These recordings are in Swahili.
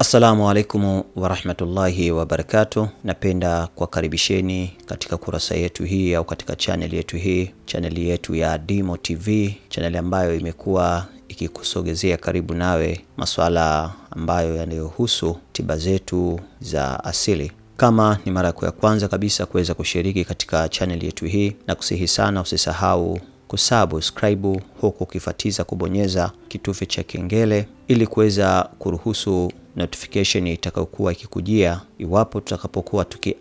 Assalamu alaikum warahmatullahi wabarakatuh. Napenda kuwakaribisheni katika kurasa yetu hii au katika chaneli yetu hii, chaneli yetu ya Dimo TV, chaneli ambayo imekuwa ikikusogezea karibu nawe masuala ambayo yanayohusu tiba zetu za asili. Kama ni mara yako ya kwanza kabisa kuweza kushiriki katika chaneli yetu hii, na kusihi sana usisahau kusubscribe huku ukifatiza kubonyeza kitufe cha kengele ili kuweza kuruhusu notification itakayokuwa ikikujia iwapo tutakapokuwa tuki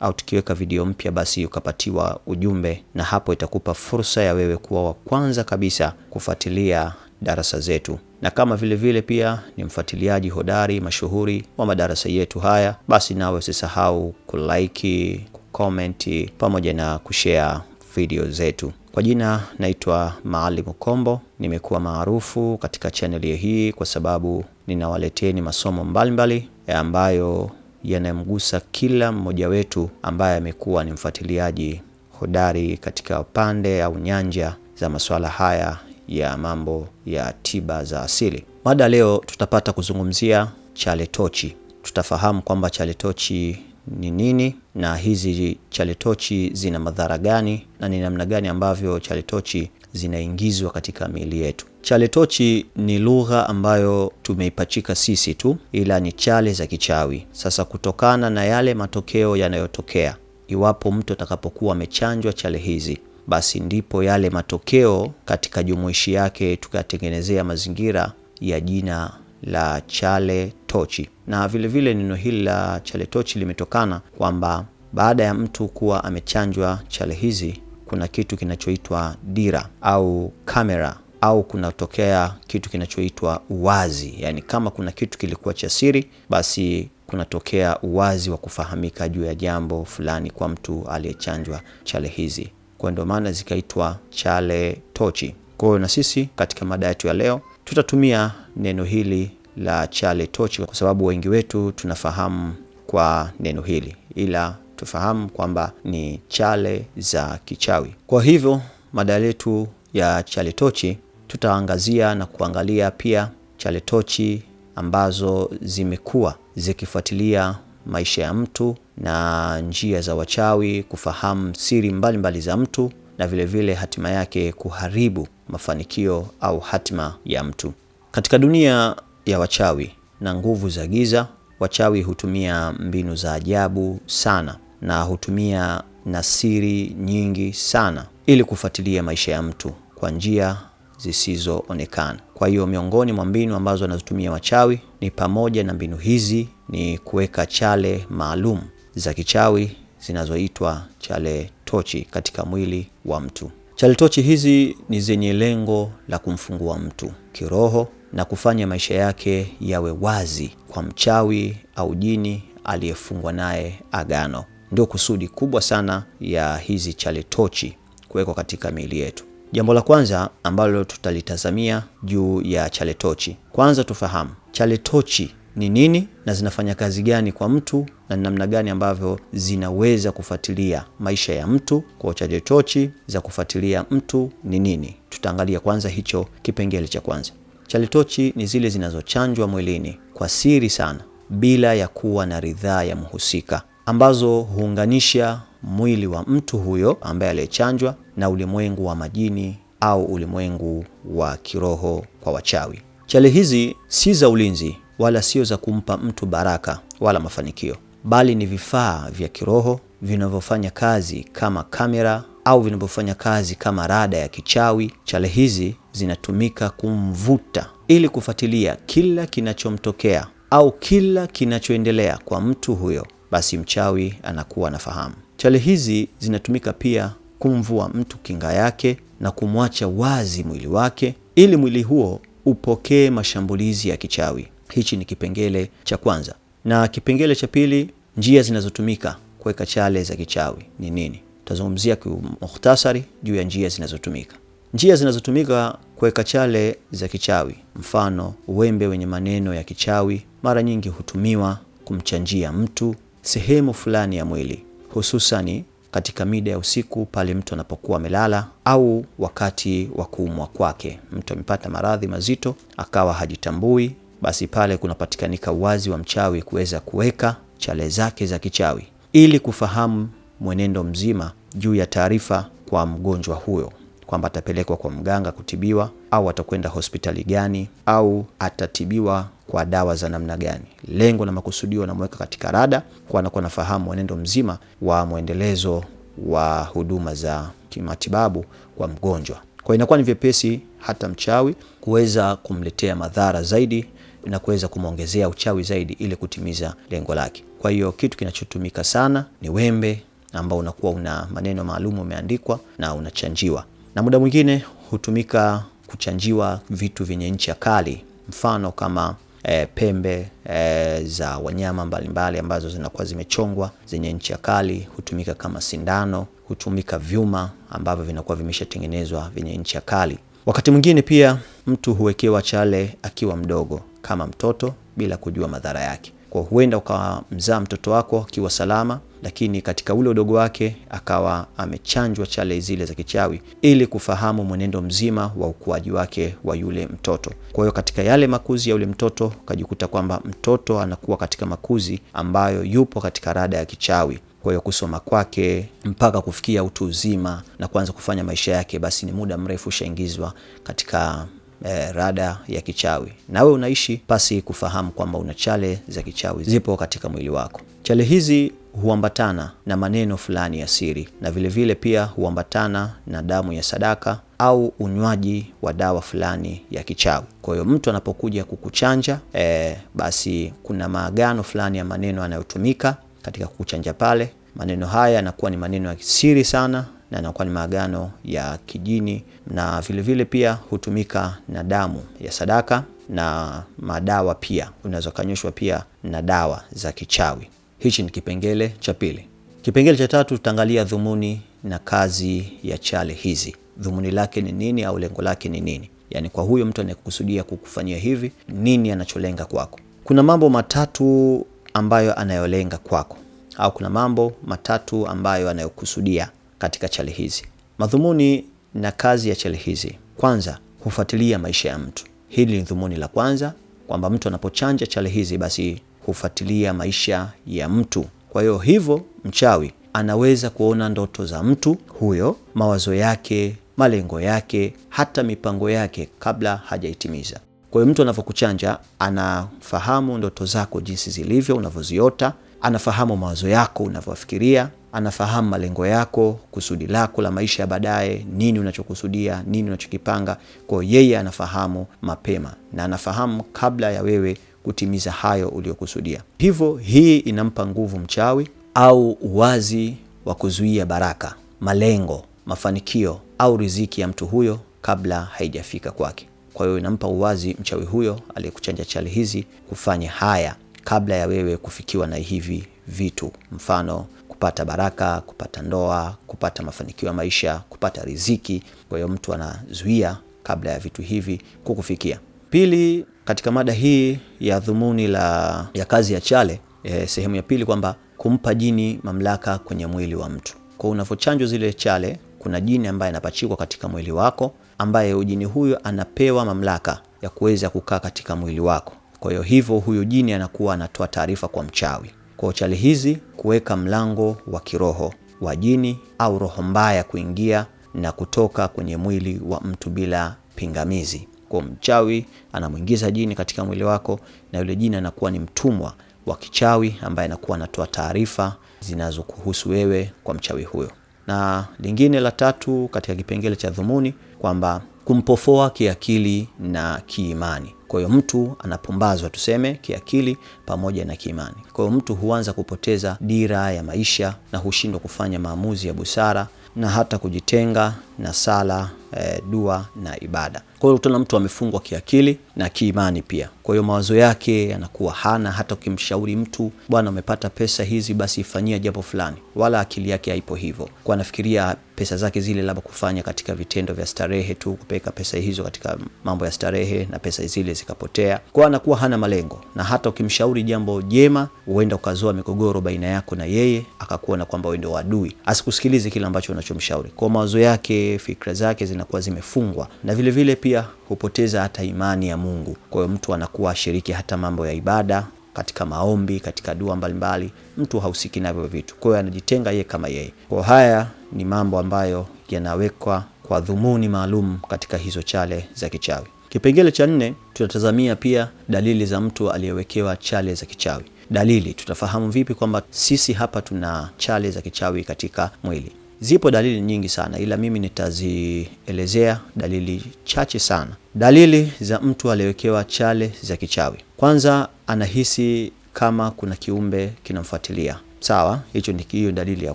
au tukiweka video mpya, basi ukapatiwa ujumbe, na hapo itakupa fursa ya wewe kuwa wa kwanza kabisa kufuatilia darasa zetu na kama vile vile pia ni mfuatiliaji hodari mashuhuri wa madarasa yetu haya, basi nawe usisahau kulike, kukomenti pamoja na kushare video zetu. Kwa jina naitwa Maalim Kombo, nimekuwa maarufu katika chaneli hii kwa sababu ninawaleteni masomo mbalimbali eh, ambayo yanamgusa kila mmoja wetu ambaye amekuwa ni mfuatiliaji hodari katika upande au nyanja za masuala haya ya mambo ya tiba za asili. Mada leo tutapata kuzungumzia chale tochi. Tutafahamu kwamba chale tochi ni nini na hizi chaletochi zina madhara gani na ni namna gani ambavyo chaletochi zinaingizwa katika miili yetu. Chaletochi ni lugha ambayo tumeipachika sisi tu, ila ni chale za kichawi. Sasa kutokana na yale matokeo yanayotokea iwapo mtu atakapokuwa amechanjwa chale hizi, basi ndipo yale matokeo katika jumuishi yake tukayatengenezea mazingira ya jina la chale tochi. Na vilevile neno hili la chale tochi limetokana kwamba baada ya mtu kuwa amechanjwa chale hizi, kuna kitu kinachoitwa dira au kamera au kunatokea kitu kinachoitwa uwazi, yaani kama kuna kitu kilikuwa cha siri, basi kunatokea uwazi wa kufahamika juu ya jambo fulani kwa mtu aliyechanjwa chale hizi. Kwa ndio maana zikaitwa chale tochi. Kwa hiyo na sisi katika mada yetu ya leo tutatumia neno hili la chale tochi, kwa sababu wengi wetu tunafahamu kwa neno hili, ila tufahamu kwamba ni chale za kichawi. Kwa hivyo mada yetu ya chale tochi tutaangazia na kuangalia pia chale tochi ambazo zimekuwa zikifuatilia maisha ya mtu na njia za wachawi kufahamu siri mbalimbali mbali za mtu na vilevile hatima yake kuharibu mafanikio au hatima ya mtu. Katika dunia ya wachawi na nguvu za giza, wachawi hutumia mbinu za ajabu sana na hutumia na siri nyingi sana ili kufuatilia maisha ya mtu kwa njia zisizoonekana. Kwa hiyo, miongoni mwa mbinu ambazo wanazotumia wachawi ni pamoja na mbinu hizi ni kuweka chale maalum za kichawi zinazoitwa chale tochi katika mwili wa mtu. Chale tochi hizi ni zenye lengo la kumfungua mtu kiroho na kufanya maisha yake yawe wazi kwa mchawi au jini aliyefungwa naye agano. Ndio kusudi kubwa sana ya hizi chale tochi kuwekwa katika miili yetu. Jambo la kwanza ambalo tutalitazamia juu ya chale tochi, kwanza tufahamu chale tochi ni nini na zinafanya kazi gani kwa mtu na namna gani ambavyo zinaweza kufuatilia maisha ya mtu. Kwa chale tochi za kufuatilia mtu ni nini? Tutaangalia kwanza hicho kipengele cha kwanza. Chalitochi ni zile zinazochanjwa mwilini kwa siri sana bila ya kuwa na ridhaa ya mhusika, ambazo huunganisha mwili wa mtu huyo ambaye aliyechanjwa na ulimwengu wa majini au ulimwengu wa kiroho kwa wachawi. Chale hizi si za ulinzi wala sio za kumpa mtu baraka wala mafanikio, bali ni vifaa vya kiroho vinavyofanya kazi kama kamera au vinavyofanya kazi kama rada ya kichawi. Chale hizi zinatumika kumvuta ili kufuatilia kila kinachomtokea au kila kinachoendelea kwa mtu huyo, basi mchawi anakuwa anafahamu. Chale hizi zinatumika pia kumvua mtu kinga yake na kumwacha wazi mwili wake ili mwili huo upokee mashambulizi ya kichawi. Hichi ni kipengele cha kwanza, na kipengele cha pili, njia zinazotumika kuweka chale za kichawi ni nini? Tazungumzia kimuhtasari juu ya njia zinazotumika. Njia zinazotumika kuweka chale za kichawi, mfano uwembe wenye maneno ya kichawi, mara nyingi hutumiwa kumchanjia mtu sehemu fulani ya mwili, hususani katika mida ya usiku pale mtu anapokuwa amelala au wakati wa kuumwa kwake. Mtu amepata maradhi mazito akawa hajitambui, basi pale kunapatikanika uwazi wa mchawi kuweza kuweka chale zake za kichawi ili kufahamu mwenendo mzima juu ya taarifa kwa mgonjwa huyo kwamba atapelekwa kwa mganga kutibiwa au atakwenda hospitali gani au atatibiwa kwa dawa za namna gani. Lengo na makusudio anamweka katika rada, kwa anakuwa anafahamu mwenendo mzima wa mwendelezo wa huduma za kimatibabu kwa mgonjwa. Kwa inakuwa ni vyepesi hata mchawi kuweza kumletea madhara zaidi na kuweza kumwongezea uchawi zaidi ili kutimiza lengo lake. Kwa hiyo kitu kinachotumika sana ni wembe ambao unakuwa una maneno maalum umeandikwa na unachanjiwa, na muda mwingine hutumika kuchanjiwa vitu vyenye ncha kali, mfano kama e, pembe e, za wanyama mbalimbali mbali ambazo zinakuwa zimechongwa zenye ncha kali, hutumika kama sindano, hutumika vyuma ambavyo vinakuwa vimeshatengenezwa vyenye ncha kali. Wakati mwingine pia mtu huwekewa chale akiwa mdogo kama mtoto bila kujua madhara yake, kwa huenda ukamzaa mtoto wako akiwa salama lakini katika ule udogo wake akawa amechanjwa chale zile za kichawi ili kufahamu mwenendo mzima wa ukuaji wake wa yule mtoto. Kwa hiyo katika yale makuzi ya yule mtoto ukajikuta kwamba mtoto anakuwa katika makuzi ambayo yupo katika rada ya kichawi. Kwa hiyo kusoma kwake mpaka kufikia utu uzima na kuanza kufanya maisha yake, basi ni muda mrefu ushaingizwa katika E, rada ya kichawi na unaishi pasi kufahamu kwamba una chale za kichawi zipo katika mwili wako. Chale hizi huambatana na maneno fulani ya siri na vilevile vile pia huambatana na damu ya sadaka au unywaji wa dawa fulani ya kichawi. Kwa hiyo mtu anapokuja kukuchanja e, basi kuna maagano fulani ya maneno yanayotumika katika kukuchanja pale. Maneno haya yanakuwa ni maneno ya siri sana na yanakuwa ni maagano ya kijini na vilevile vile pia hutumika na damu ya sadaka na madawa pia, unaweza ukanyweshwa pia na dawa za kichawi. Hichi ni kipengele cha pili. Kipengele cha tatu tutaangalia dhumuni na kazi ya chale hizi. Dhumuni lake ni nini au lengo lake ni nini? Yaani kwa huyo mtu anayekusudia kukufanyia hivi, nini anacholenga kwako? Kuna mambo matatu ambayo anayolenga kwako au kuna mambo matatu ambayo anayokusudia katika chale hizi. Madhumuni na kazi ya chale hizi, kwanza, hufuatilia maisha ya mtu. Hili ni dhumuni la kwanza, kwamba mtu anapochanja chale hizi basi hufuatilia maisha ya mtu. Kwa hiyo hivyo mchawi anaweza kuona ndoto za mtu huyo, mawazo yake, malengo yake, hata mipango yake kabla hajaitimiza. Kwa hiyo mtu anavyokuchanja anafahamu ndoto zako jinsi zilivyo, unavyoziota, anafahamu mawazo yako unavyofikiria, anafahamu malengo yako, kusudi lako la maisha ya baadaye, nini unachokusudia, nini unachokipanga. Kwa hiyo yeye anafahamu mapema na anafahamu kabla ya wewe kutimiza hayo uliyokusudia. Hivyo hii inampa nguvu mchawi au uwazi wa kuzuia baraka, malengo, mafanikio au riziki ya mtu huyo kabla haijafika kwake. Kwa hiyo inampa uwazi mchawi huyo aliyekuchanja chali hizi kufanya haya kabla ya wewe kufikiwa na hivi vitu, mfano kupata baraka, kupata ndoa, kupata mafanikio ya maisha, kupata riziki. Kwa hiyo mtu anazuia kabla ya vitu hivi kukufikia. Pili, katika mada hii ya dhumuni la ya kazi ya chale eh, sehemu ya pili kwamba kumpa jini mamlaka kwenye mwili wa mtu. Kwa unavyochanjwa zile chale, kuna jini ambaye anapachikwa katika mwili wako, ambaye ujini huyo anapewa mamlaka ya kuweza kukaa katika mwili wako. Kwa hiyo hivyo huyo jini anakuwa anatoa taarifa kwa mchawi. Kwa chale hizi kuweka mlango wa kiroho wa jini au roho mbaya kuingia na kutoka kwenye mwili wa mtu bila pingamizi kuwa mchawi, anamwingiza jini katika mwili wako, na yule jini anakuwa ni mtumwa wa kichawi ambaye anakuwa anatoa taarifa zinazokuhusu wewe kwa mchawi huyo. Na lingine la tatu katika kipengele cha dhumuni kwamba kumpofoa kiakili na kiimani. Kwa hiyo mtu anapumbazwa tuseme kiakili pamoja na kiimani. Kwa hiyo mtu huanza kupoteza dira ya maisha na hushindwa kufanya maamuzi ya busara na hata kujitenga na sala e, dua na ibada. Kwa hiyo utaona mtu amefungwa kiakili na kiimani pia. Kwa hiyo mawazo yake yanakuwa hana, hata ukimshauri mtu, bwana, umepata pesa hizi, basi ifanyia jambo fulani, wala akili yake haipo hivyo, kwa anafikiria pesa zake zile labda kufanya katika vitendo vya starehe tu, kupeka pesa hizo katika mambo ya starehe na pesa zile zikapotea, kwa anakuwa hana malengo, na hata ukimshauri jambo jema, huenda ukazoa migogoro baina yako na yeye, akakuona kwamba wewe ndio adui, asikusikilize kile ambacho unachomshauri. Kwa mawazo yake, fikra zake zina zinakuwa zimefungwa, na vile vile pia hupoteza hata imani ya Mungu. Kwa hiyo mtu anakuwa ashiriki hata mambo ya ibada, katika maombi, katika dua mbalimbali mtu hahusiki navyo vitu. Kwa hiyo anajitenga yeye kama yeye. Kwa haya ni mambo ambayo yanawekwa kwa dhumuni maalum katika hizo chale za kichawi. Kipengele cha nne tunatazamia pia dalili za mtu aliyewekewa chale za kichawi. Dalili tutafahamu vipi kwamba sisi hapa tuna chale za kichawi katika mwili? Zipo dalili nyingi sana ila mimi nitazielezea dalili chache sana. Dalili za mtu aliyewekewa chale za kichawi. Kwanza, anahisi kama kuna kiumbe kinamfuatilia. Sawa, hicho ni hiyo dalili ya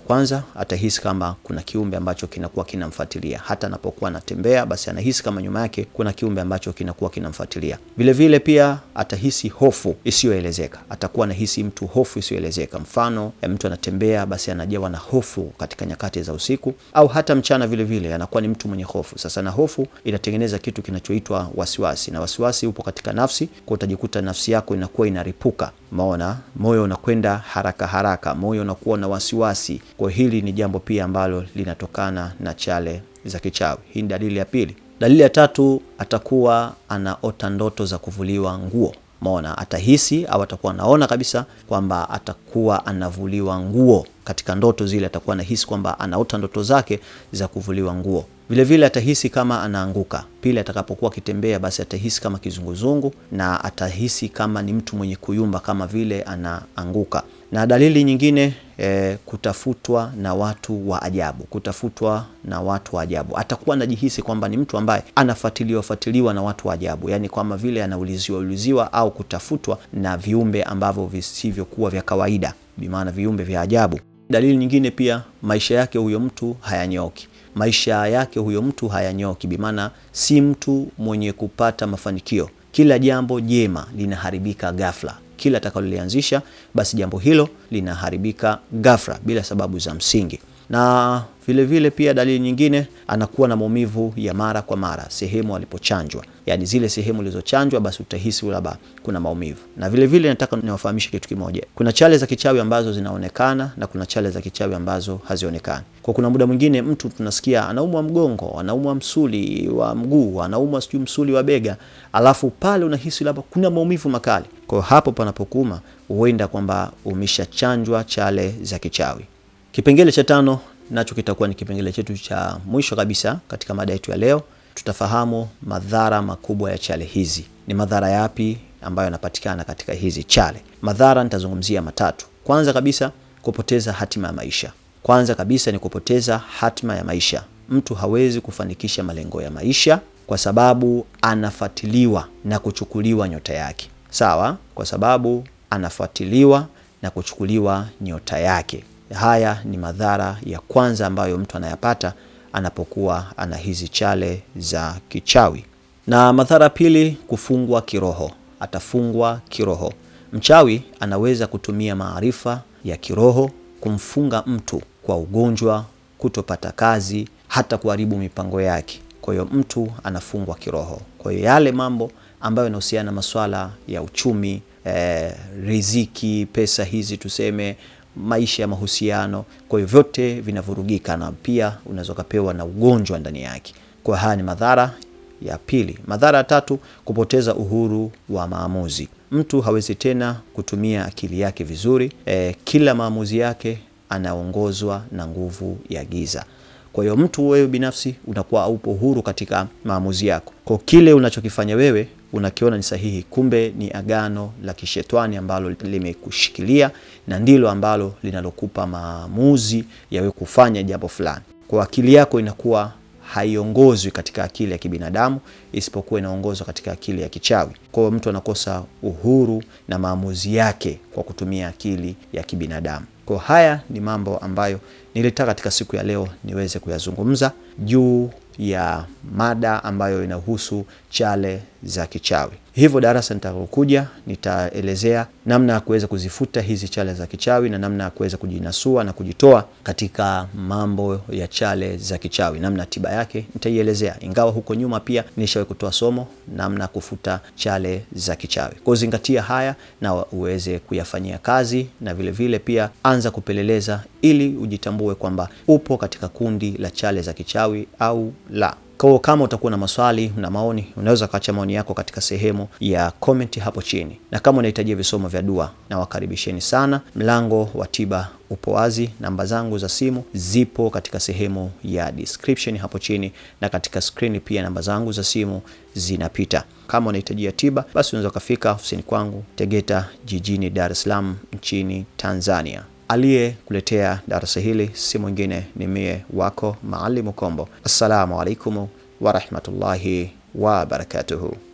kwanza. Atahisi kama kuna kiumbe ambacho kinakuwa kinamfuatilia, hata anapokuwa anatembea, basi anahisi kama nyuma yake kuna kiumbe ambacho kinakuwa kinamfuatilia. Vile vile pia atahisi hofu isiyoelezeka, atakuwa anahisi mtu hofu isiyoelezeka. Mfano mtu anatembea, basi anajawa na hofu katika nyakati za usiku au hata mchana. Vile vile anakuwa ni mtu mwenye hofu. Sasa na hofu inatengeneza kitu kinachoitwa wasiwasi, na wasiwasi upo katika nafsi, kwa utajikuta nafsi yako inakuwa inaripuka maona moyo unakwenda haraka haraka, moyo unakuwa na wasiwasi. Kwa hili ni jambo pia ambalo linatokana na chale za kichawi. Hii ni dalili ya pili. Dalili ya tatu, atakuwa anaota ndoto za kuvuliwa nguo. Maona atahisi au atakuwa anaona kabisa kwamba atakuwa anavuliwa nguo katika ndoto zile, atakuwa anahisi kwamba anaota ndoto zake za kuvuliwa nguo. Vilevile atahisi kama anaanguka pili, atakapokuwa akitembea, basi atahisi kama kizunguzungu na atahisi kama ni mtu mwenye kuyumba, kama vile anaanguka. Na dalili nyingine e, kutafutwa na watu wa ajabu, kutafutwa na watu wa ajabu. Atakuwa anajihisi kwamba ni mtu ambaye anafuatiliwa fuatiliwa na watu wa ajabu, yaani kama vile anauliziwa uliziwa au kutafutwa na viumbe ambavyo visivyokuwa vya kawaida, bimaana viumbe vya ajabu. Dalili nyingine pia, maisha yake huyo mtu hayanyoki maisha yake huyo mtu hayanyoki, bimaana si mtu mwenye kupata mafanikio. Kila jambo jema linaharibika ghafla, kila atakalolianzisha basi jambo hilo linaharibika ghafla bila sababu za msingi na vile vile pia dalili nyingine, anakuwa na maumivu ya mara kwa mara sehemu alipochanjwa, yani zile sehemu zilizochanjwa, basi utahisi labda kuna maumivu. Na vile vile nataka niwafahamishe kitu kimoja, kuna chale za kichawi ambazo zinaonekana na kuna chale za kichawi ambazo hazionekani. Kwa kuna muda mwingine mtu tunasikia anaumwa mgongo, anaumwa msuli wa mguu, anaumwa sijui msuli wa bega, alafu pale unahisi labda kuna maumivu makali. Kwa hapo panapokuma, huenda kwamba umeshachanjwa chale za kichawi. Kipengele cha tano nacho kitakuwa ni kipengele chetu cha mwisho kabisa katika mada yetu ya leo. Tutafahamu madhara makubwa ya chale hizi. Ni madhara yapi ambayo yanapatikana katika hizi chale? Madhara nitazungumzia matatu. Kwanza kabisa, kupoteza hatima ya maisha. Kwanza kabisa ni kupoteza hatima ya maisha. Mtu hawezi kufanikisha malengo ya maisha kwa sababu anafuatiliwa na kuchukuliwa nyota yake. Sawa, kwa sababu anafuatiliwa na kuchukuliwa nyota yake. Haya ni madhara ya kwanza ambayo mtu anayapata anapokuwa ana hizi chale za kichawi. Na madhara pili, kufungwa kiroho. Atafungwa kiroho. Mchawi anaweza kutumia maarifa ya kiroho kumfunga mtu kwa ugonjwa, kutopata kazi, hata kuharibu mipango yake. Kwa hiyo mtu anafungwa kiroho. Kwa hiyo yale mambo ambayo yanahusiana na masuala ya uchumi, eh, riziki, pesa hizi tuseme maisha ya mahusiano. Kwa hiyo vyote vinavurugika, na pia unaweza ukapewa na ugonjwa ndani yake. Kwa haya ni madhara ya pili. Madhara ya tatu, kupoteza uhuru wa maamuzi. Mtu hawezi tena kutumia akili yake vizuri. E, kila maamuzi yake anaongozwa na nguvu ya giza. Kwa hiyo mtu wewe binafsi unakuwa upo huru katika maamuzi yako, kwa kile unachokifanya wewe unakiona ni sahihi, kumbe ni agano la kishetwani ambalo limekushikilia na ndilo ambalo linalokupa maamuzi yawe kufanya jambo fulani. Kwa akili yako inakuwa haiongozwi katika akili ya kibinadamu isipokuwa inaongozwa katika akili ya kichawi. Kwa hiyo mtu anakosa uhuru na maamuzi yake kwa kutumia akili ya kibinadamu. Kwa haya ni mambo ambayo nilitaka katika siku ya leo niweze kuyazungumza juu ya mada ambayo inahusu chale za kichawi. Hivyo darasa nitakokuja nitaelezea namna ya kuweza kuzifuta hizi chale za kichawi na namna ya kuweza kujinasua na kujitoa katika mambo ya chale za kichawi. Namna tiba yake nitaielezea, ingawa huko nyuma pia nishawe kutoa somo namna ya kufuta chale za kichawi. Kwa zingatia haya na uweze kuyafanyia kazi, na vile vile pia anza kupeleleza ili ujitambue kwamba upo katika kundi la chale za kichawi au la. Kwa kama utakuwa na maswali na maoni, unaweza kuacha maoni yako katika sehemu ya comment hapo chini, na kama unahitaji visomo vya dua, nawakaribisheni sana. Mlango wa tiba upo wazi. Namba zangu za simu zipo katika sehemu ya description hapo chini na katika screen pia namba zangu za simu zinapita. Kama unahitajia tiba, basi unaweza ukafika ofisini kwangu Tegeta, jijini Dar es Salaam nchini Tanzania. Aliyekuletea darasa hili si mwingine ni mie wako Maalimu Kombo. Assalamu alaikum warahmatullahi wabarakatuhu.